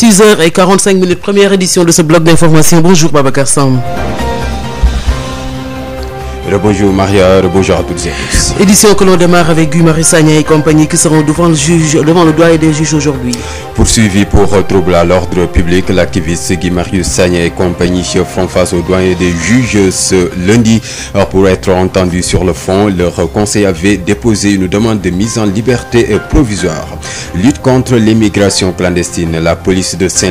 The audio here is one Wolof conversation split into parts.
6 heures et Rebonjour Maria, rebonjour à toutes et tous. Édition que l'on démarre avec Guy Marie Sagna et compagnie qui seront devant le juge, devant des juges aujourd'hui. Poursuivi pour trouble à l'ordre public, l'activiste Guy Marius Sagna et compagnie font face aux doigts des juges ce lundi pour être entendus sur le fond. Leur conseil avait déposé une demande de mise en liberté provisoire. Lutte contre l'immigration clandestine. La police de saint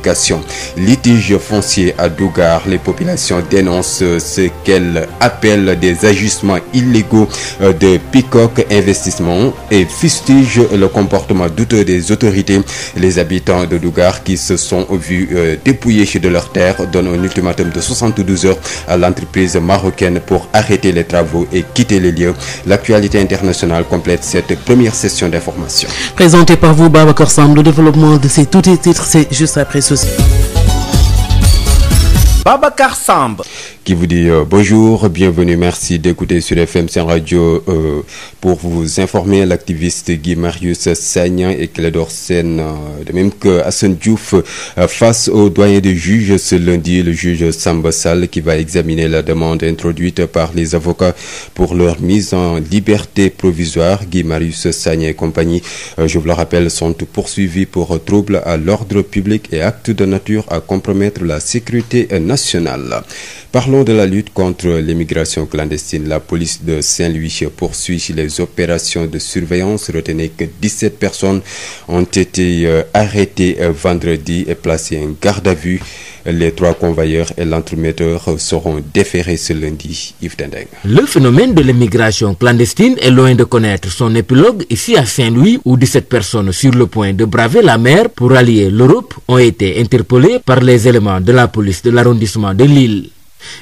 revendications. Litige foncier à Dougar, les populations dénoncent ce qu'elles appellent des ajustements illégaux euh, de Peacock Investissement et fustigent le comportement douteux des autorités. Les habitants de Dougar qui se sont vus euh, dépouillés de leurs de 72 heures à l'entreprise marocaine pour arrêter les travaux et quitter les lieux. L'actualité internationale complète cette première session d'information. Présenté par vous, Babacar Samb, le développement de ces tout titres, c'est juste après société. Babacar Samb qui vous dit euh, bonjour, bienvenue, merci d'écouter sur FM Sen Radio euh, pour vous informer. L'activiste Guy Marius Sagna et Clédor Sène, euh, de même que Hassan Diouf, euh, face au doyen des juges ce lundi, le juge Samba Sall qui va examiner la demande introduite par les avocats pour leur mise en liberté provisoire. Guy Marius Sagna et compagnie, euh, je vous le rappelle, sont poursuivis pour trouble à l'ordre public et actes de nature à compromettre la sécurité nationale. nom la lutte contre l'immigration clandestine, la police de Saint-Louis poursuit les opérations de surveillance. Retenez que 17 personnes ont été euh, arrêtées euh, vendredi et placées en garde à vue. Les trois convoyeurs et l'entremetteur seront déférés ce lundi. Yves Dendeng. Le phénomène de l'immigration clandestine est loin de connaître son épilogue ici à Saint-Louis où 17 personnes sur le point de braver la mer pour allier l'Europe ont été interpellées de la police de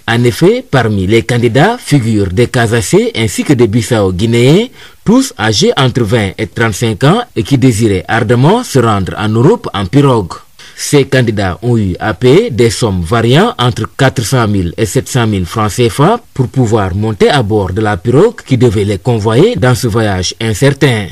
En effet, parmi les candidats figurent des Casacés ainsi que des Bissau-Guinéens, tous âgés entre 20 et 35 ans et qui désiraient ardemment se rendre en Europe en pirogue. Ces candidats ont eu à payer des sommes variant entre 400 000 et 700 000 francs CFA pour pouvoir monter à bord de la pirogue qui devait les convoyer dans ce voyage incertain.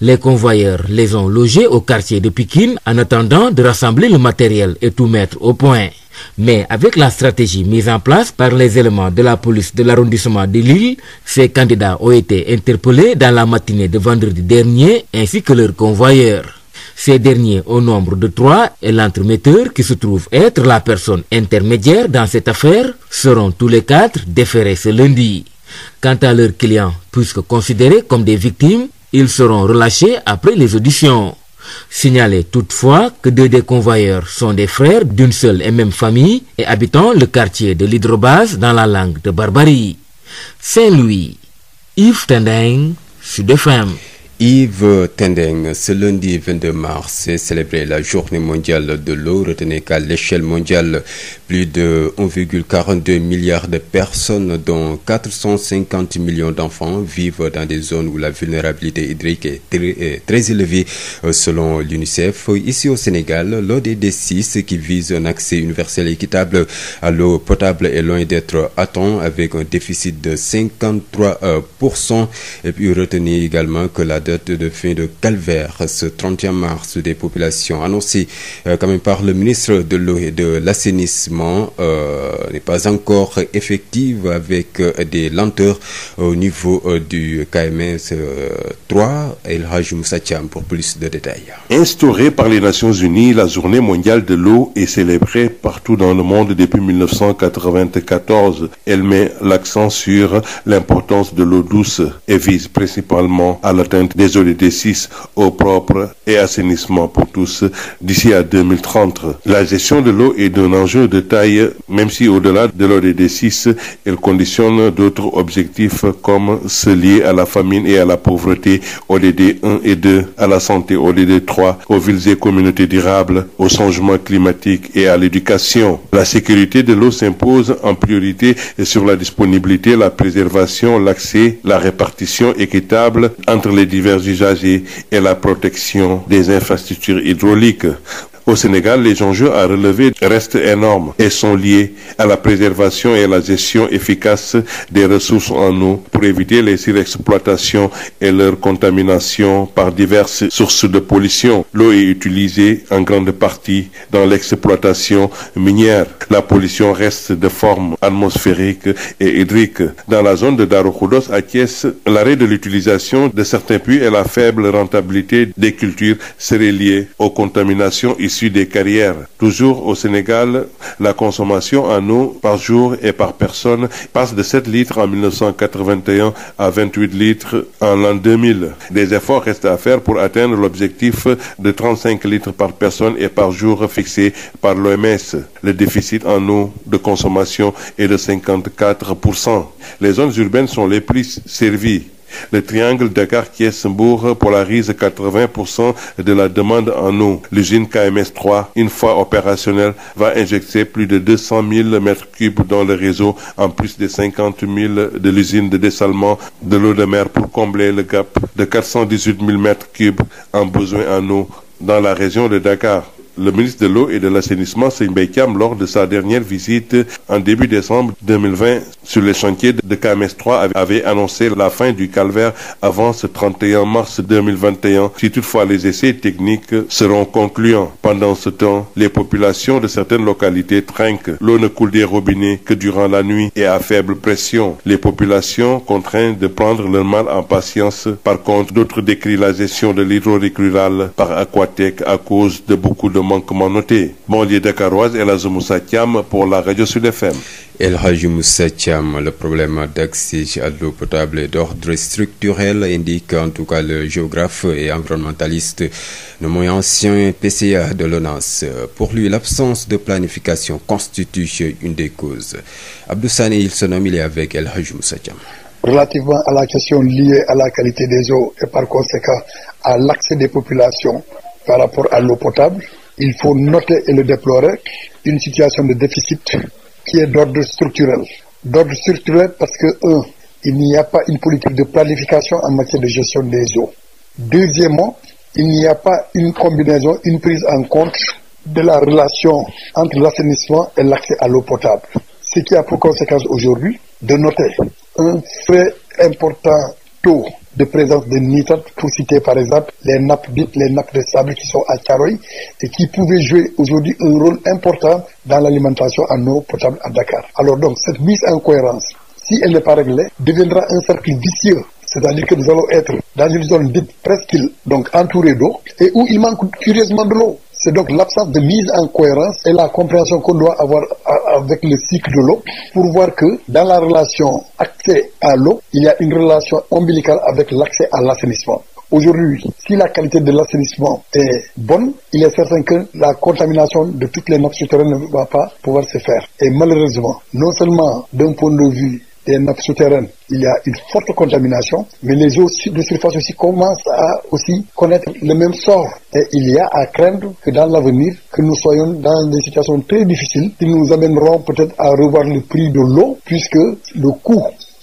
Les convoyeurs les ont logés au quartier de Pikine en attendant de rassembler le matériel et tout mettre au point. Mais avec la stratégie mise en place par les éléments de la police de l'arrondissement de Lille, ces candidats ont été interpellés dans la matinée de vendredi dernier ainsi que leurs convoyeurs. Ces derniers au nombre de trois et l'entremetteur qui se trouve être la personne intermédiaire dans cette affaire seront tous les quatre déférés ce lundi. Quant à leurs clients, que considérés comme des victimes, ils seront relâchés après les auditions. Signaler toutefois que deux des convoyeurs sont des frères d'une seule et même famille et habitant le quartier de l'hydrobase dans la langue de Barbarie. Saint-Louis, Yves Tendeng, Sud FM. Yves Tendeng, ce lundi 22 mars est célébrée la mondiale de l'eau. Retenez qu'à l'échelle mondiale, plus de 1,42 milliard de personnes, dont 450 millions d'enfants, vivent dans des zones où la vulnérabilité hydrique est très, est très élevée, euh, selon l'UNICEF. Ici au Sénégal, l'ODD6, qui vise un à l'eau potable, est loin de 53%. Euh, et puis retenez date de fin de calvaire ce 31 des populations annoncée euh, le ministre de l'eau et de l'assainissement euh, n'est pas encore effective avec euh, des lenteurs au niveau euh, du KMS 3 euh, El Hadj Moussa Thiam pour plus de détails. la journée mondiale de l'eau est célébrée partout dans le monde depuis 1994. Elle met l'accent des eaux de D6 eau propre et assainissement pour tous d'ici à 2030. La gestion de l'eau est d'un enjeu de taille, même si au-delà de l'ODD 6, elle conditionne d'autres objectifs comme ceux liés à la famine et à la pauvreté, ODD 1 et 2, à la santé, ODD 3, aux villes et communautés durables, au changement climatique et à l'éducation. La sécurité de l'eau s'impose en priorité sur la disponibilité, la préservation, l'accès, la répartition équitable entre les divers usagers et la protection des infrastructures hydrauliques. Au Sénégal, les enjeux à relever restent énormes et sont liés à la préservation et à la gestion efficace des ressources en eau pour éviter les surexploitations et leur contamination par diverses sources de pollution. L'eau est utilisée en grande partie dans l'exploitation minière. La pollution reste de forme atmosphérique et hydrique. Dans la zone de Daroukoudos à Thiès, l'arrêt de l'utilisation de certains puits et la faible rentabilité des culture seraient liées issus des carrières. Toujours au Sénégal, la consommation en eau par jour et par personne passe de 7 litres en 1981 à 28 litres en l'an 2000. Des efforts restent à pour atteindre l'objectif de 35 litres par personne et par jour fixé par l'OMS. Le déficit en eau de consommation est de 54%. Les zones urbaines sont les plus servies. Le triangle Dakar-Kiesbourg polarise 80% de la demande en eau. L'usine KMS3, une fois opérationnelle, va injecter plus de 200 000 mètres cubes dans le réseau, en plus de 50 000 de l'usine de dessalement de l'eau de mer pour combler le gap de 418 000 mètres cubes en besoin en eau dans la région de Dakar. Le ministre de l'eau et de l'assainissement, Seignebay Thiam, lors de sa dernière visite en début décembre sur les chantiers de KMS 3, avait annoncé la fin du calvaire avant ce 31 mars 2021, si toutefois les essais techniques seront concluants. Pendant ce temps, les populations de certaines localités trinquent. L'eau ne coule des robinets que durant la nuit et à faible pression. Les populations contraintes de prendre leur mal en patience. Par contre, d'autres décrivent manquements notés. la radio Sud FM. El Hadji Moussa Thiam, le problème d'accès à l'eau potable est d'ordre structurel, indique en tout cas le géographe et environnementaliste nommé ancien PCA de l'ONAS. Pour lui, l'absence de planification constitue une des causes. Abdou il se nomme, avec El Hadji relativement à la question liée à la qualité des eaux et par conséquent à l'accès des populations par rapport à l'eau potable, il faut noter et le déplorer une situation de déficit qui est d'ordre structurel. D'ordre structurel parce que, un, il n'y a pas une politique de planification en matière de gestion des eaux. Deuxièmement, il n'y a pas une combinaison, une prise en compte de la relation entre l'assainissement et l'accès à l'eau potable. Ce qui a pour conséquence aujourd'hui de noter un très important taux de présence de nitrates, pour citer par exemple les nappes les nappes de sable qui sont à Thiaroye et qui pouvaient jouer aujourd'hui un rôle important dans l'alimentation en eau potable à Dakar. Alors donc cette mise en cohérence, si elle n'est pas réglée, deviendra un cercle vicieux. C'est-à-dire que nous allons être dans une zone dite presqu'île, donc d'eau, et où il manque curieusement de l'eau. C'est donc l'absence de mise en cohérence et la compréhension qu'on doit avoir avec le cycle de l'eau pour voir que dans la relation accès à l'eau, il y a une relation ombilicale avec l'accès à l'assainissement. Aujourd'hui, si la qualité de l'assainissement est bonne, il est certain que la contamination de toutes les nappes souterraines ne va pas pouvoir se faire. Et malheureusement, non seulement d'un point de vue des nappes souterraines, il y a une forte contamination, mais les eaux de surface commencent à connaître le même sort. Et il y a à craindre que dans l'avenir, que nous soyons dans des situations très difficiles qui nous amèneront peut-être à revoir le prix de l'eau, puisque le coût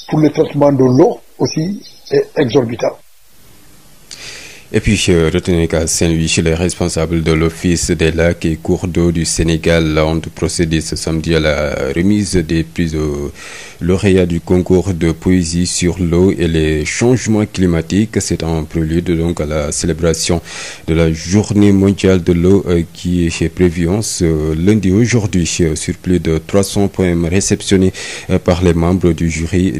pour le traitement de euh, l'Office des lacs et cours d'eau du Sénégal ont procédé ce samedi à la remise des prises lauréat du concours de poésie sur l'eau et les changements climatiques. C'est un prélude donc à la célébration de la journée mondiale de l'eau euh, qui est prévue ce lundi aujourd'hui euh, sur plus de 300 poèmes réceptionnés euh, par les membres du jury.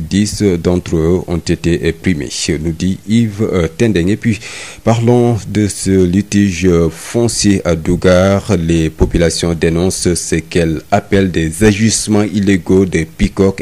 d'entre eux ont été primés, nous dit Yves Tendeng. Et puis parlons de ce litige foncier à Dougar. Les populations dénoncent ce qu'elles appellent des agissements illégaux des picoques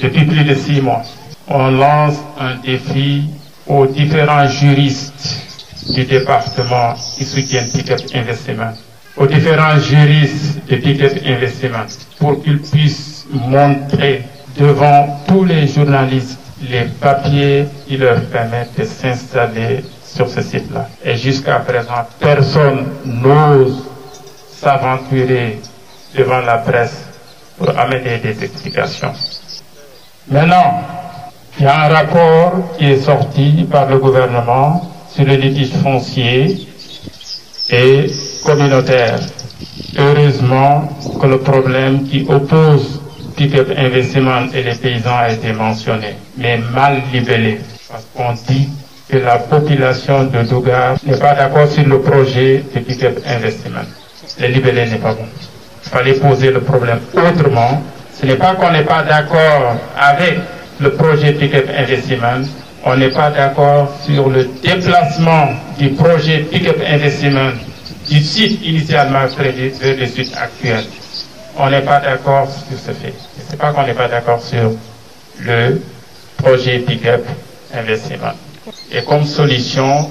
depuis plus de six mois. On lance un défi aux différents juristes du département qui soutiennent Picap Investissement, aux différents juristes de Picap Investissement, pour qu'ils puissent montrer devant tous les journalistes les papiers qui leur permettent de s'installer sur ce site-là. Et jusqu'à présent, personne n'ose s'aventurer devant la presse pour amener des explications. Maintenant, il y a un rapport qui est sorti par le gouvernement sur le litige foncier et communautaire. Heureusement que le problème qui oppose Pickup Investment et les paysans a été mentionné, mais mal libellé, parce qu'on dit que la population de Dougar n'est pas d'accord sur le projet de Pickup Investment. Le libellé n'est pas bon. Il fallait poser le problème autrement Ce n'est pas qu'on n'est pas d'accord avec le projet Pick-up Investment, on n'est pas d'accord sur le déplacement du projet Pick-up Investment du site initialement prévu vers le actuel. On n'est pas d'accord sur ce fait. Ce n'est pas d'accord sur le projet Pick-up Investment. Et comme solution,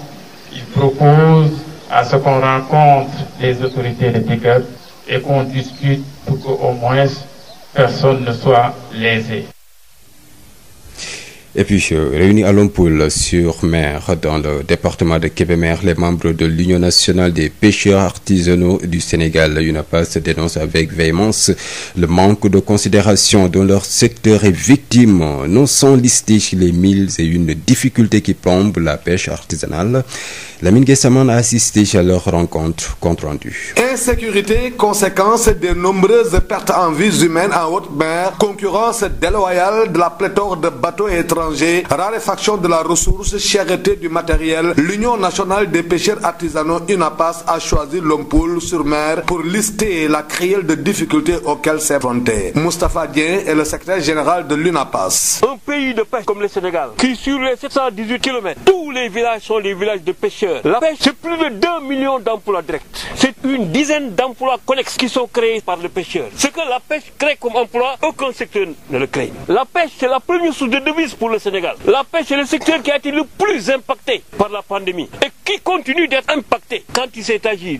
il propose à ce qu'on rencontre les autorités de Pick-up et qu'on discute pour qu'au moins personne ne soit lésé. Et puis, réunis à Lompoul sur mer, dans le département de Kébémer, les membres de l'Union nationale des pêcheurs artisanaux du Sénégal, l'UNAPAS, dénoncent avec véhémence le manque de considération dont leur secteur est victime, non sans lister les mille et une difficultés qui plombent la pêche artisanale. Lamine Guessaman a assisté à leur rencontre compte rendu. Insécurité, conséquence des nombreuses pertes en vies humaines en haute mer, concurrence déloyale de la pléthore de bateaux étrangers, raréfaction de la ressource, cherté du matériel, l'Union nationale des pêcheurs artisanaux UNAPAS a choisi Lompoul sur mer pour lister la crielle de difficultés auxquelles s'affrontait. Moustapha Dien est le secrétaire général de l'UNAPAS. Un pays de pêche comme le Sénégal, qui sur les 718 km, tous ailleurs. La pêche, c'est plus de 2 millions d'emplois directs. C'est une dizaine d'emplois connexes qui sont créés par le pêcheur. Ce que la pêche crée comme emploi, aucun secteur ne le crée. La pêche, c'est la première source de devise pour le Sénégal. La pêche est le secteur qui a été le plus impacté par la pandémie et qui continue d'être impacté quand il s'est agi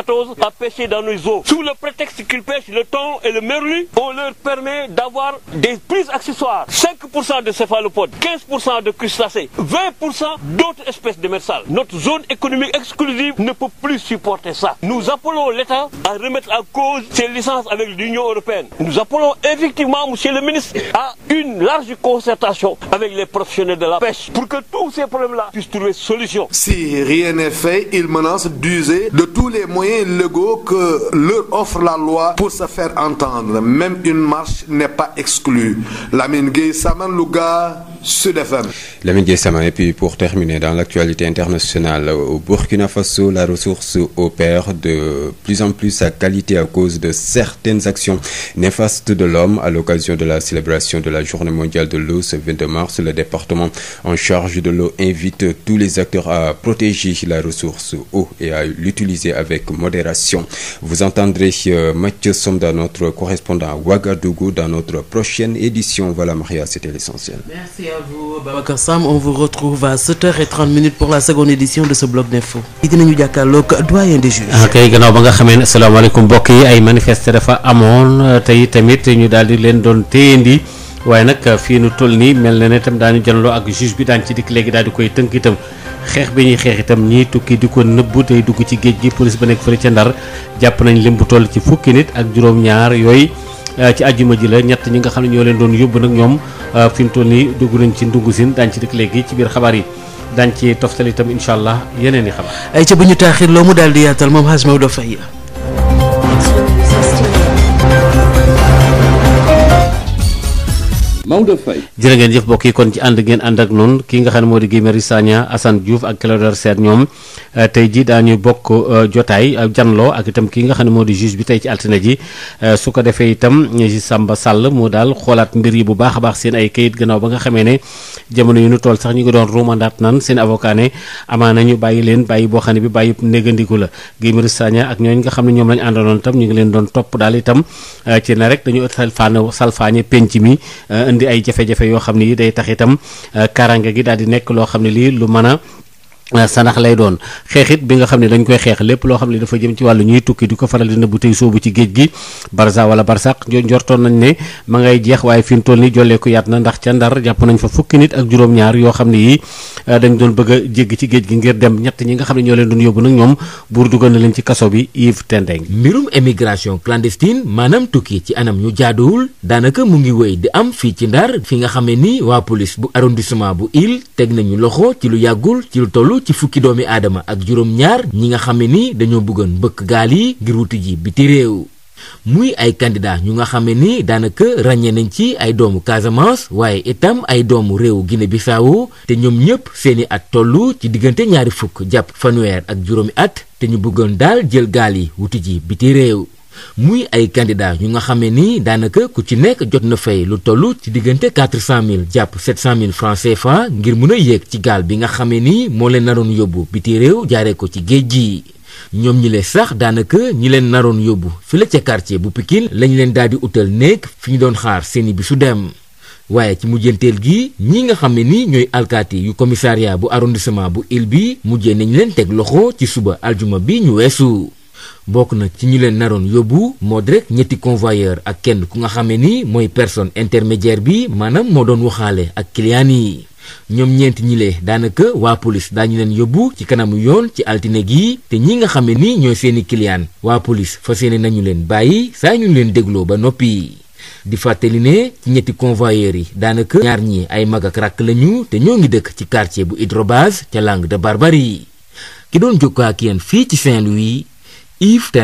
2014 à pêcher dans nos eaux. Sous le prétexte qu'ils pêchent le thon et le merlu, on leur permet d'avoir des prises accessoires. 5% de céphalopodes, 15% de crustacés, d'autres espèces démersales. Notre zone économique exclusive ne peut plus supporter ça. Nous appelons l'État à remettre en cause ses licences avec l'Union européenne. Nous appelons effectivement, monsieur le ministre, à une large concertation avec les professionnels de la pêche pour que tous ces problèmes citoyens légaux que leur offre la loi pour se faire entendre. Même une marche n'est pas exclue. Lamine Gueye, Saman Louga Sud FM. Lamine Dieye Sama et puis pour terminer dans l'actualité internationale au Burkina Faso la ressource eau perd de plus en plus sa qualité à cause de certaines actions de la célébration de la Journée mondiale de l'eau ce 22 mars le département en de l'eau invite tous les acteurs la ressource eau avec modération vous entendrez euh, Mathieu Somda notre correspondant à Ouagadougou dans à vous Babacar Sam on vous retrouve à 7h30 minutes pour la seconde de ce bloc d'info. dinañu jàkkaarloog doyen kay gannaaw ba nga xamee ne asalaamaaleykum bokk yi ay manifester dafa amoon tey tamit ñu daal di leen doon téyendi waaye nag fii nu toll nii mel na ne itam daañu janloo ak juge bi daan ci dikk léegi daal di koy tënk itam. xeex bi ñuy xeex itam ñii tukki di ko nëbbu tey dugg ci géej gi police ba nekk fële ca ndar jàpp nañ lim bu toll ci fukki nit ak juróom-ñaar yooyu. Euh, ci àjjuma ji la ñett ñi nga xam ne ñoo leen doon yóbbu nag ñoom euh, fi mu nii dugg nañ ci ndungu sin daañu ci dëkk léegi ci biir xabaar yi dañ ci toftal itam incha yeneen i xabaar. ay ca bu ñu taaxir loo mu daal di yaatal moom xas Maodo Faye. Maodo Faye. ngeen jëf bokki kon ci ànd ngeen ànd ak noonu ki nga xam ne moo di Guy Marius Sagna Assane ak Clédor seet ñoom Euh, tey jii daañu bokk euh, jotaay euh, janloo ak itam kii nga xam ne moo di juge bi tey ci altine ji su ko defee itam ji Samba Sall moo daal xoolaat mbir yi bu baax a baax seen ay kayit gannaaw ba nga xamee ne jamono yu nu tool sax ñu ngi doon ruumandaat nan seen avocat ne amaana ñu bàyyi leen bàyyi boo xam ne bi bàyyi négandiku la Guy Marius Sagna ak ñooñu nga xam ne ñoom lañu àndoonoon itam ñu ngi leen doon topp daal itam ci na rek dañu salfaane salfaañe penc mi indi ay jafe yoo xam ne yi day tax itam kaaraange gi daal di nekk loo xam ne lii lu mën Euh, sanax lay doon xeexit bi nga xam ne dañ koy xeex lépp loo xam ne dafa jëm ci wàllu ñuy tukki di ko faral di nëbbu tey soobu ci géej gi barza wala barsaq njortoon nañ ne ma ngay jeex waaye fi mu toll ni jolleeku yaat na ndax ca ndar jàpp nañ fa fukki nit ak juróom-ñaar yoo xam ne yi euh, dañ doon bëgg a jégg ci géej gi ngir dem ñett ñi nga xam ne ñoo leen doon yóbbu nag ñoom buur dugal na leen ci kaso bi Yves Tendeng mbirum émigration clandestine maanaam tukki ci anam ñu jaaduwul daanaka mu ngi wéy di am fii ci ndar fi nga xam ne ni waa police bu arrondissement bu Ile teg nañu loxo ci lu yàggul ci lu tollu ci fukki doomi aadama ak juróom-ñaar ñi nga xam ne ni dañoo bëggoon bëkk gaal yi ngir wuti ji biti réew muy ay candidat ñu nga xam ne ni daanaka ràññee nañ ci ay doomu Casamance waaye itam ay doomu réewu Guinée Bissau te ñoom ñëpp seeni at tollu ci diggante ñaari fukk jàpp fanweer ak juróomi at te ñu bëggoon daal jël gaal yi wuti ji biti réew. muy ay candidats ñu nga xamee ni daanaka ku ci nekk jot na fay lu toll ci diggante quatre cent mille jàpp sept cent mille franc CFA ngir mën a yéeg ci gaal bi nga xamee ni moo leen naroon yóbbu biti réew jaaree ko ci géej gi. ñoom ñi leen sax daanaka ñi leen naroon yóbbu fi la ca quartier bu Pikine lañu leen daal di utal néeg fi ñu doon xaar seeni bi su dem waaye ci mujjanteel gi ñi nga xam ne ni ñooy alkaati yu commissariat bu arrondissement bu Ile bi mujjee nañ leen teg loxo ci suba aljuma bi ñu weesu. bokk na ci ñu leen naroon yóbbu moo di ñetti convoyeur ak kenn ku nga xamee ni mooy personne intermédiaire bi maanaam moo doon waxaale ak client yi ñoom ñeenti ñile daanaka waa police daañu leen yóbbu ci kanamu yoon ci altine gi te ñi nga xam ne ni ñooy seeni client waa police fa yéene nañu leen bàyyi saa ñu leen dégloo ba noppi. di fàttali ne ci ñetti convoyeurs yi daanaka ñaar ñi ay mag ak rakk lañu te ñoo ngi dëkk ci quartier bu hydrobase ca Langue de Barbarie ki doon jokkoo ak yéen fii ci Saint-Louis. if the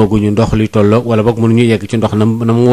amaguñu ndox li tolloo wala boog mënuñu yegg ci ndox na na mu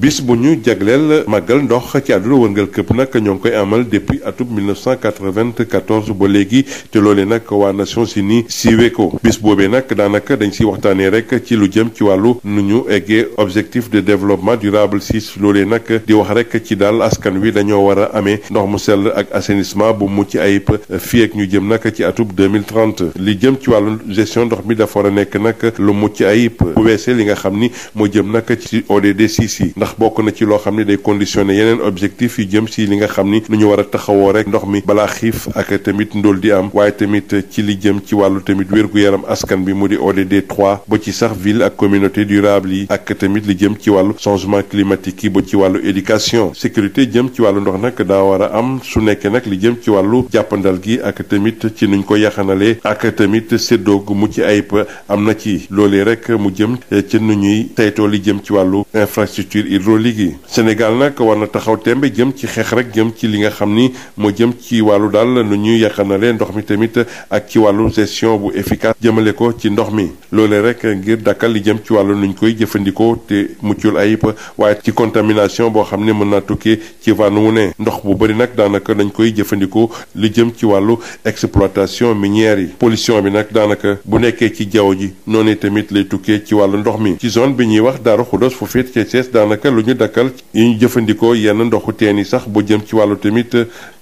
bis bu ñu jagleel màggal ndox ci àdduna wërngal këpp nag ñoo koy amal depuis atum 1994 léegi te loolee nag waa Nations Unies siiwee ko bis boobee nag daanaka dañ siy waxtaanee rek ci lu jëm ci wàllu nu ñu eggee objectif de développement durable 6 loolee nag di wax rek ci daal askan wi dañoo war a amee ndox mu sell ak assainissement bu mucc ayib fii ak ñu jëm nag ci atub 2030 li jëm ci wàllu gestion ndox mi dafa war a nekk nag lu mucc ayib bu weesee li nga xam ni moo jëm nag ci ODD 6 yi ndax bokk na ci loo xam ni day conditionné yeneen objectif yu jëm si li nga xam ni nu ñu war a taxawoo rek ndox mi balaa xiif ak tamit ndóol di am waaye tamit ci li jëm ci wàllu tamit wér yaram askan bi mu di ODD 3 ba ci sax ville ak communauté durable yi ak tamit li jëm ci wàllu changement climatique yi ba ci wàllu éducation sécurité sécurité jëm ci wàllu ndox nag daa war a am su nekkee nag li jëm ci wàllu jàppandal gi ak tamit ci nuñ ko yaxanalee ak tamit seddoo gu mucc ayib am na ci loole rek mu jëm ci nu ñuy saytoo li jëm ci wàllu infrastructure hydraulique yi Sénégal nag war na taxaw tembe jëm ci xeex rek jëm ci li nga xam ni moo jëm ci wàllu daal nu ñuy yaxanalee ndox mi tamit ak ci wàllu gestion bu efficace jëmale ko ci ndox mi loolee rek ngir dakkal li jëm ci wàllu nuñ koy jëfandikoo te muccul ayib waaye ci contamination boo xam ne mën naa tukki compliqué ci wànn wu ne ndox bu bëri nag daanaka dañ koy jëfandikoo lu jëm ci wàllu exploitation minière yi pollution bi nag daanaka bu nekkee ci jaww ji noonu tamit lay tukkee ci wàllu ndox mi ci zone bi ñuy wax Daaru Xudoos fu féet ca Cees daanaka lu ñu dakkal yi ñu jëfandikoo yenn ndoxu teen yi sax bu jëm ci wàllu tamit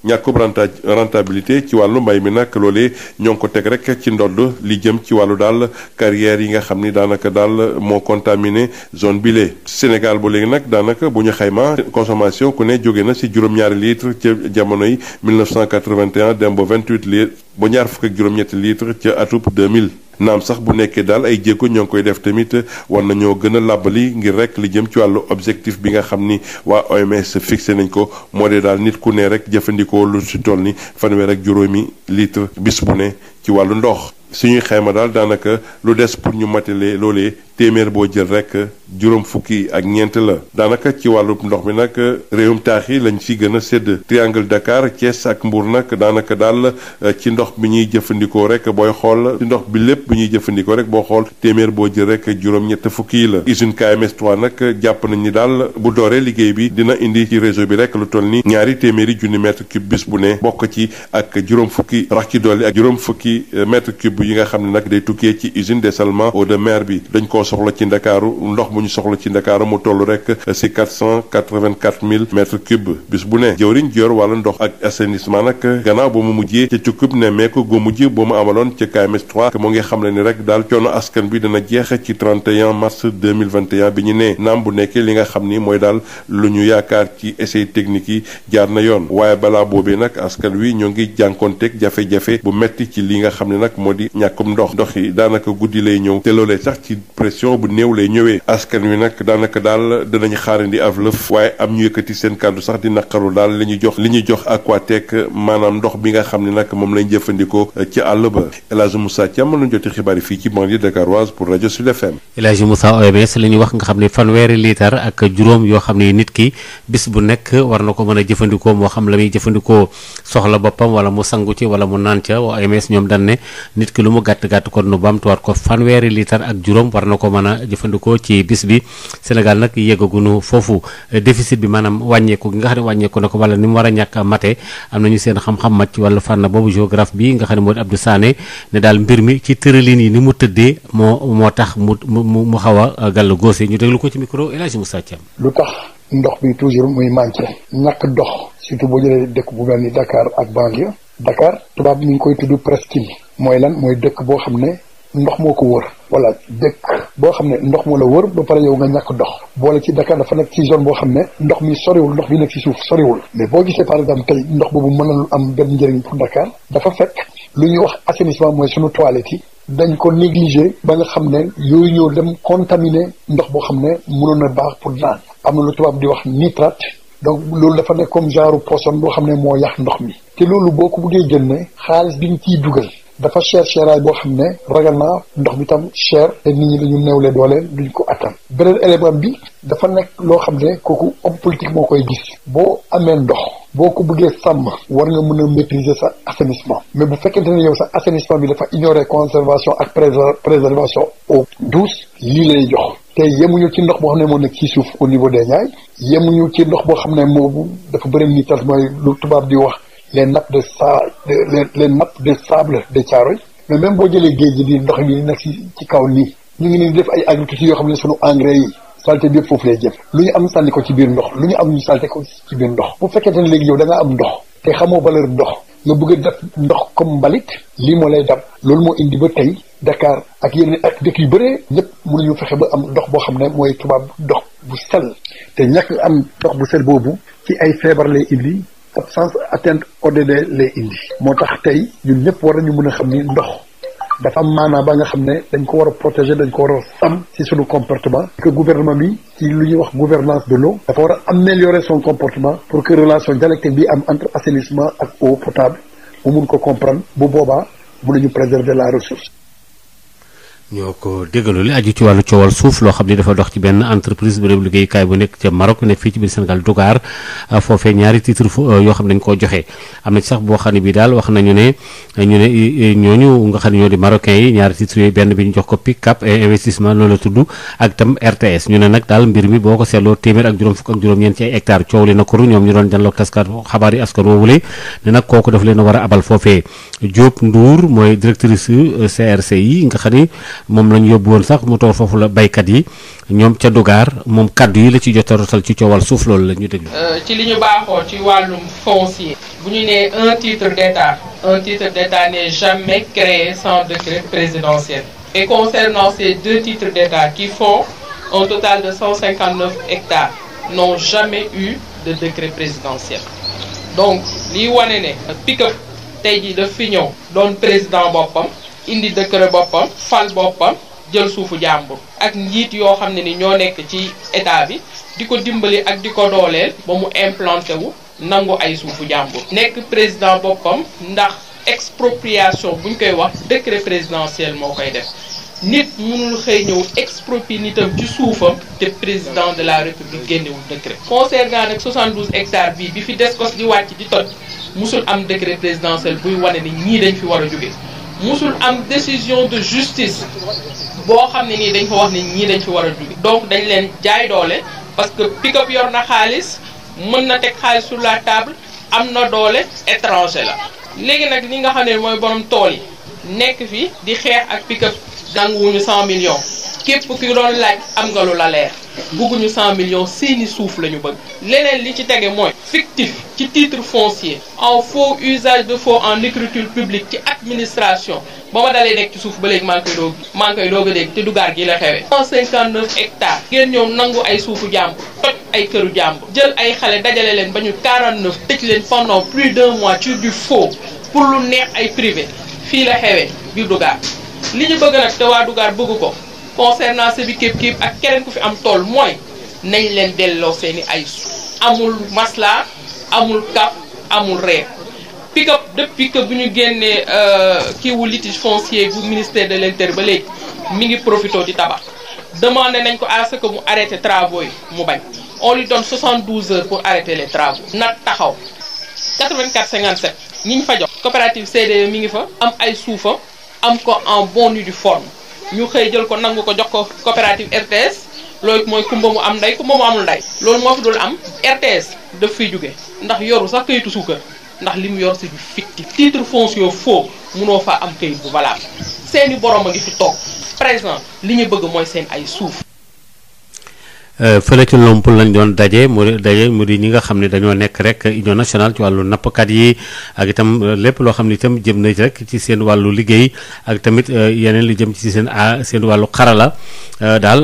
ñàkkum rentabilité ci wàllu mbay mi nag loolee ñoo ngi ko teg rek ci ndodd li jëm ci wàllu daal carrière yi nga xam ni daanaka daal moo contaminé zone bi lee Sénégal bu léegi nag daanaka bu ñu xayma consommation ku ne jóge na si juróom-ñaari litre ca jamono yi 1981 dem ba 28 litre ba ñaar fukk ak juróom-ñetti litre ca atub naam sax bu nekkee daal ay jéego ñoo koy def tamit war nañoo gën a làbbali ngir rek li jëm ci wàllu objectif bi nga xam ni waa OMS fixé nañ ko moo de daal nit ku ne rek jëfandikoo lu si toll ni fanweer ak juróomi litre bis bu ne ci wàllu ndox. suñuy xayma daal daanaka lu des pour ñu matale loolee téeméer boo jël rek juróom fukki ak ñeent la daanaka ci wàllu ndox mi nag réewum taax yi lañ ci gën a sédd triangle Dakar Thiès ak Mbour nag daanaka daal ci ndox bi ñuy jëfandikoo rek booy xool ci ndox bi lépp bi ñuy jëfandikoo rek boo xool téeméer boo jël rek juróom-ñett fukki la usine KMS 3 nag jàpp nañ ni daal bu dooree liggéey bi dina indi ci réseau bi rek lu toll ni ñaari téeméeri junni mètre cube bis bu ne bokk ci ak juróom fukki rax ci dolli ak juróom fukki eh, mètre cube yi nga xam ne nag day tukkee ci usine dessalement eau de mer bi soxla ci ndakaaru ndox mu ñu soxla ci ndakaaru mu toll rek si quatre cent quatre-vingt-quatre mille mètres cubes bis bu ne jëwriñ ji yor wàlla ndox ak assainissement nag gannaaw ba mu mujjee ca cukkub ne meeku gu mujj ba mu amaloon ca KMS 3 mu ngi xam ne ni rek daal coono askan bi dana jeex ci 31 mars 2021 bi ñu ne naam bu nekkee li nga xam ni mooy daal lu ñu yaakaar ci essai technique yi jaar na yoon waaye balaa boobee nag askan wi ñoo ngi jànkoonteeg jafe-jafe bu metti ci li nga xam ne nag moo di ñàkkum ndox ndox yi daanaka guddi lay ñëw te loolee élection bu néew lay ñëwee askan wi nag daanaka daal danañu xaarandi af lëf waaye am ñu yëkkati seen kàddu sax di naqaru daal li ñu jox li ñu jox Aquatec maanaam ndox bi nga xam ne nag moom lañ jëfandikoo ci àll ba El Hadj Moussa Thiam lañ joti xibaar yi fii ci banlieue dakaroise pour rajo Sud FM El Hadj Moussa OMS e la ñu wax nga xam ne fanweeri liitar ak juróom yoo xam ne nit ki bis bu nekk war na ko mën a jëfandikoo moo xam la muy jëfandikoo soxla boppam wala mu sangu ci wala mu naan ca OMS e ñoom dañ ne nit ki lu mu gàtt gàtt kon nu bamtuwaat ko fanweeri liitar ak juróom war na ko ko a jëfandikoo ci bis bi Sénégal nag yeggagunu foofu déficit bi maanaam wàññeeku gi nga xam ne wàññeeku na ko wala ni mu war a ñàkk a mate am nañu seen xam-xam màcc ci wàllu fànn boobu géographe bi nga xam ne moo di mu tëddee moo moo tax mu mu a gàll góose ñu ko ci micro El Hadj Moussa Thiam lu tax ndox bi toujours muy manqué ñàkk dox surtout bu mel ni Dakar ak banlieue Dakar tubaab mi ngi koy tudd presqu'île mooy lan mooy dëkk boo xam ne ndox moo ko wër wala dëkk boo xam ne ndox mu la wër ba pare yow nga ñàkk ndox boole ci Dakar dafa nekk ci zone boo xam ne ndox mi soriwul ndox bi nekk ci suuf soriwul mais boo gisee par exemple tey ndox boobu mënal am benn njëriñ pour Dakar dafa fekk lu ñuy wax assainissement mooy sunu toilette yi dañ ko négligé ba nga xam ne yooyu ñëw dem contaminé ndox boo xam ne mënoon na baax pour naan am na lu tubaab di wax nitrate donc loolu dafa nekk comme genre poson boo xam ne moo yàq ndox mi te loolu boo ko buggee génne xaalis bi ñu ciy dugal dafa cher cheraay boo xam ne ragal naa ndox bi tam cher te nit ñi dañu néewle dooleel duñ ko attan beneen élément bi dafa nekk loo xam ne kooku homme politique moo koy gis boo amee ndox boo ko buggee sàmm war nga mën a maîtriser sa assainissement mais bu fekkente ne yow sa assainissement bi dafa ignorer conservation ak préservation eau douce lii lay jox te yemuñu ci ndox boo xam ne moo nekk ci suuf au niveau des Niayes yemuñu ci ndox boo xam ne moo dafa bëri nitrate mooy lu tubaab di wax les nappes de sa les les nappes de sable de Thiaroye mais même boo jëlee géej gi di ndox mi nag ci ci kaw nii ñu ngi nii def ay agriculture yoo xam ne sunu engrais yi saleté bi yëpp foofu lay jëm lu ñu am sànni ko ci biir ndox lu ñu am ñu saleté ko ci biir ndox bu fekkente ne léegi yow da am ndox te xamoo valeur ndox nga bëgg a ndox comme mbalit lii moo lay dab loolu moo indi ba tey Dakar ak yeneen ak dëkk yu bëree ñëpp ñu fexe ba am ndox boo xam ne mooy tubaab ndox bu sel te ñàkk am ndox bu sel boobu ci ay feebar lay indi absence atteinte ODD lay indi. moo tax tey ñun ñëpp war nañu mun a xam ni ndox dafa am maanaa ba nga xam ne dañ ko war a protéger dañ ko war a sàmm ci suñu comportement. que gouvernement bi ci lu ñuy wax gouvernance de l'eau dafa war a améliorer son comportement pour que relation dialectique bi am entre assainissement ak eau potable mu mun ko comprendre bu boobaa mun nañu préserver la ressource. ñoo ko déggalu li aju ci wàllu coowal suuf loo xam ne dafa dox ci benn entreprise bu dem liggéeyukaay bu nekk ca Maroc nekk fii ci biir Sénégal Dougar euh, foofee euh, koo joxe am na ci boo xam ne bii daal wax nañu ne ñu ne ñooñu nga xam ne ñoo di marocains yi ñaari titre benn bi ñu jox ko Pick Cap investissement noonu la tudd ak tam RTS ñu ne nag daal mbir mi boo ko seetloo téeméer ak juróom fukk ak juróom ñeent ci ay hectare coow li na kuru ñoom ñu doon janloog taskat xabaar yi askan woowule ne nag kooku daf leen a war a abal foofee Diop Ndour mooy directrice euh, CRC yi nga xam ni moom lañ yóbbu woon sax mu foofu la baykat yi ñoom ca Dugar moom kaddu yi la ci jot a rotal ci coowal suuf loolu la ñu euh, ci li ñu baaxoo ci wàllum foncier. bu ñu nee un titre d'état un titre d'état n'est jamais créé sans décret présidentiel. et concernant ces deux titres d'état qui font un total de 159 hectares n'ont jamais eu de décret présidentiel. donc liy wane ne. pick-up tey jii daf fi ñëw doon président boppam. indi décret boppam fal boppam jël suufu jàmbur ak njiit yoo xam ne ni ñoo nekk ci état bi di ko dimbali ak di ko dooleel ba mu implanté wu nangu ay suufu jàmbur nekk président boppam ndax expropriation buñ koy wax décret présidentiel moo koy def nit mënul xëy ñëw exproprié nitam ci suufam te président de la république génnewul décret concernant nag 72 hectares bii bi fi des kos di wàcc di toj musul am décret présidentiel buy wane ni ñii dañ fi war a jóge mosul am décision de justice boo xam ne nii dañ ko wax ne ñii dañ fi war a jóge donc dañ leen jaay doole parce que pick-up yor na xaalis mën na teg xaalis sur la table am na doole étranger la léegi nag li nga xam ne mooy borom tool yi nekk fi di xeex ak pick-up danguwuñu 100 millions képp ki doon laaj am nga lu la leer bugguñu cent millions seeni suuf la ñu bëgg leneen li ci tege mooy fictif ci titre foncier en faux usage de faux en écriture publique ci administration ba ma dalee nekk ci suuf ba léegi maa ngi koy ngi koy doog a dégg te dugaar gi la xewee 159 hectares ngeen ñëw nangu ay suufu jàmbur toj ay këru jàmbur jël ay xale dajale leen ba ñu 49 tëj leen pendant plus d'un mois ci du faux pour lu neex ay privé fii la xewee biir dugaar li ñu bëgg nag te waa dugaar ko concernant Sëbi Kéb Kéb ak keneen ku fi am tool mooy nañ leen delloo seeni ay amul masla amul kap amul reer pick up depuis que bu ñu génnee euh, kii wu litige foncier bu ministère de l'intérieur ba léegi mi ngi profité di tabax demandé nañ ko à ko mu arrêté travaux yi mu bañ on lui donne 72 heures pour arrêter les travaux. na taxaw 84 57 ñi ñu fa jox coopérative CDE mi ngi fa am ay suufa am ko en bonne et due ñu xëy jël ko nangu ko jox ko coopérative RTS loolu mooy kumba mu am nday kumba mu amul nday loolu moo fi dul am RTS daf fiy jóge ndax yoru sax kayitu suukar ndax li mu yor si fitti titre foncier foo munoo fa am kayit bu valable seeni borom a ngi fi toog présent li ñu bëgg mooy seen ay suuf Euh, fële ci Lompoul lañ doon daje mu daje mu di ñi nga xam ne dañoo nekk rek union nationale ci wàllu nappkat yi ak itam euh, lépp loo xam ne itam jëm na rek ci seen wàllu liggéey ak tamit euh, yeneen lu jëm ci seen a seen wàllu xarala daal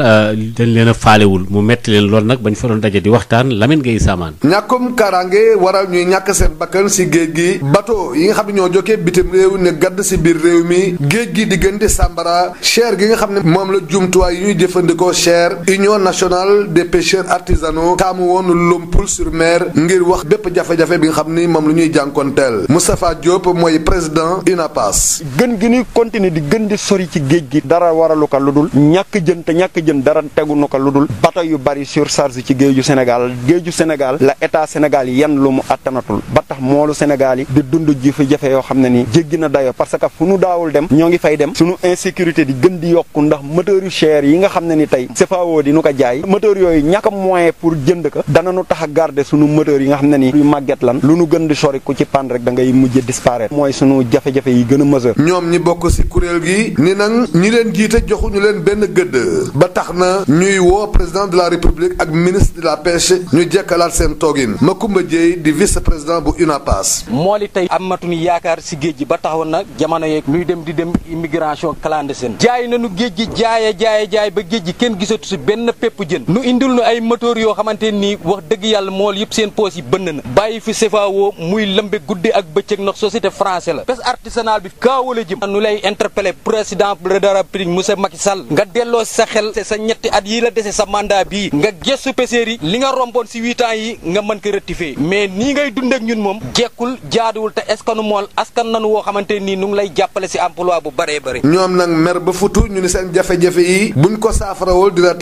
dañ leen a faalewul mu metti leen lool nag bañ fa doon daje di waxtaan Lamine Gueye Samane. ñàkkum kaaraange waral ñuy ñàkk seen bakkan si géej gi bateau yi nga xam ne ñoo jokkee bitim réew ne gadd si biir réew mi géej gi diggante Sambara cher gi nga xam ne moom la jumtuwaay yi jëfandikoo cher union nationale national des pêcheurs artisanaux taamu woon Lompul sur mer ngir wax bépp jafe-jafe bi nga xam ni moom lu ñuy jànkonteel Moustapha Diop mooy président UNAPAS. gën gi ñuy continuer di gën di sori ci géej gi dara waralu ko lu dul ñàkk jën te ñàkk jën dara tegu nu ko lu dul bato yu bari sur surcharge ci géeju Sénégal géeju Sénégal la état Sénégal yan lu mu attanatul ba tax moolu Sénégal yi di dund ji fi jafe yoo xam ne nii jéggi na dayo parce que fu nu daawul dem ñoo ngi fay suñu insécurité di gën di yokku ndax moteur yi nga xam ne ni tey CFAO ko jaay moteur yooyu ñàkk a moyen pour jënd ka dananu tax a garder sunu moteur yi nga xam ne ni yu màgget lan lu nu gën di sori ku ci panne rek da ngay mujj disparaître mooy sunu jafe yi gën a ñoom ñi bokk si kuréel gi ni nan ñi leen jiite joxuñu leen benn gëdd ba tax na ñuy woo président de la république ak ministre de la pêche ñu jekkalaat seen toogin Macoumba Dieye di vice président bu UNAPAS moo li tey amatuñu yaakaar si géej gi ba taxawoon nag jamono yeeg luy dem di dem immigration clandestine jaay nañu géej gi jaaya jaaye jaay ba géej gi kenn gisatu si benn pépp jën indil nu ay moteur yoo xamante nii wax dëgg yàlla mool yëpp seen poos yi bënn na bàyyi fi CFAO muy lëmbe guddi ak bëccëg ndax société français la pêche artisanale bi kaawala jëm nu lay interpellé président de la République monsieur Macky nga delloo sa xel sa ñetti at yi la dese sa mandat bi nga gëstu pêcheurs li nga romboon si huit ans yi nga mën ko rectifier mais ni ngay dund ak ñun moom jekkul jaaduwul te eskanu mool askan nanu woo xamante nii nu lay jàppale si emploi bu bëree bëri ñoom nag mer ba futu ñu ni ko saafarawul dina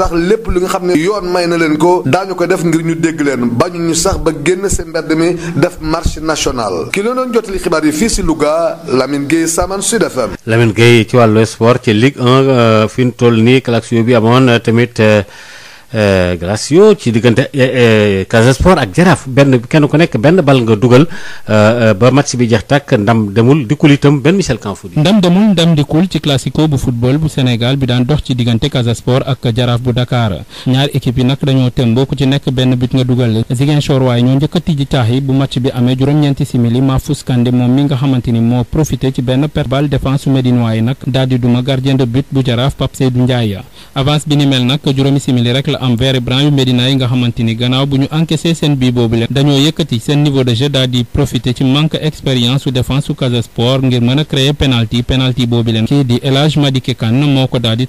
yoon may na leen ko daañu ko def ngir ñu dégg leen bañu ñu sax ba génn si mbedd mi def marche nationale ki leen doon jotali xibaar yi fii si Louga lamin Gueye Samane Sud FM. Lamine Gueye ci wàllu sport ci Ligue 1 euh, fi ñu toll nii klaxio bi amoon euh, tamit. Euh, Eh, Gracio ci diggante eh, eh, Casa Sport ak Jaraaf benn kenn ku nekk benn bal nga dugal ba match bi jeex takk ndam demul dikkul itam benn Michel Kanfoudi. ndam demul ndam dikkul ci classico bu football bu Sénégal bi daan dox ci diggante Casa Sport ak Jaraaf bu Dakar ñaar équipe yi nag dañoo tembo ku ci nekk benn bit nga dugal Ziguinchor waaye ñoo njëkk a tijji taax yi bu match bi amee juróom-ñeenti simili Mahfous Kandé moom mi nga xamante moo profité ci benn perte balle défense su Médinois yi nag daal di duma gardien de but bu Jaraaf Pape Seydou Ndiaye la am vert-blanc yu Médina yi nga xamante ni gannaaw bu ñu encaissé seen bii boobu leen dañoo yëkkati seen niveau de jeu daal di profiter ci manque expérience su défense Casa Sport ngir mën a créer penalty penalty boobu leen kii di El Hadj Madické moo ko daal di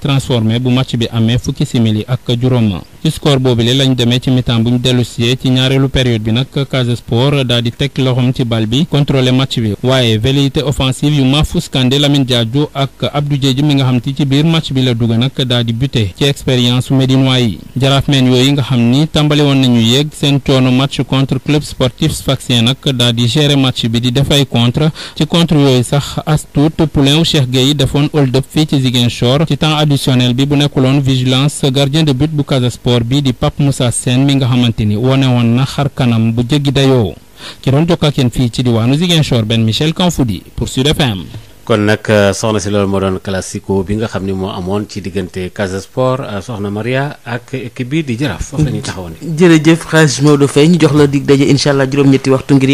bu match bi amee fukki simili ak juróom ci score boobu le lañ demee ci mi-temps bu ci ñaareelu période bi nag Casa Sport daal teg loxoom ci bal bi contrôlé match bi waaye jaraafmeen yooyu nga xam ni tàmbali woon nañu yéeg seen coono match contre club sportif sfaxien nag daal di gérer match bi di def ay contre ci contre yooyu sax as tuut poulain wu Cheikh Gueye defoon hold fii ci Ziguinchor ci temps additionnel bi bu nekkuloon vigilance gardien de but bu Casa Sport bi di Pape Moussa Sène mi nga xamante ni wone woon na xar kanam bu jéggi dayoo ki doon jokk ak yéen fii ci diwaanu Ziguinchor Ben Michel Kanfoudi pour Sud FM. kon nag euh, soxna si loolu moo doon classico bi nga xam ni moo amoon ci diggante Casa Sport euh, soxna Maria ak équipe bi di Jaraaf. foofu la ñuy taxawoon. jërëjëf xaaj Maodo Faye ñu jox la dig daje incha juróom-ñetti waxtu ngir.